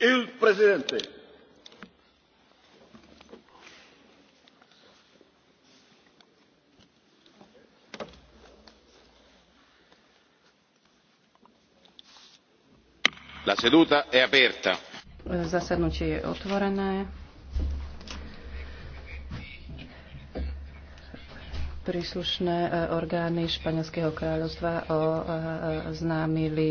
il presidente. La seduta è aperta. Zasadnutie je otvorené. Príslušné eh, orgány Španielského kráľovstva eh, eh, oznámili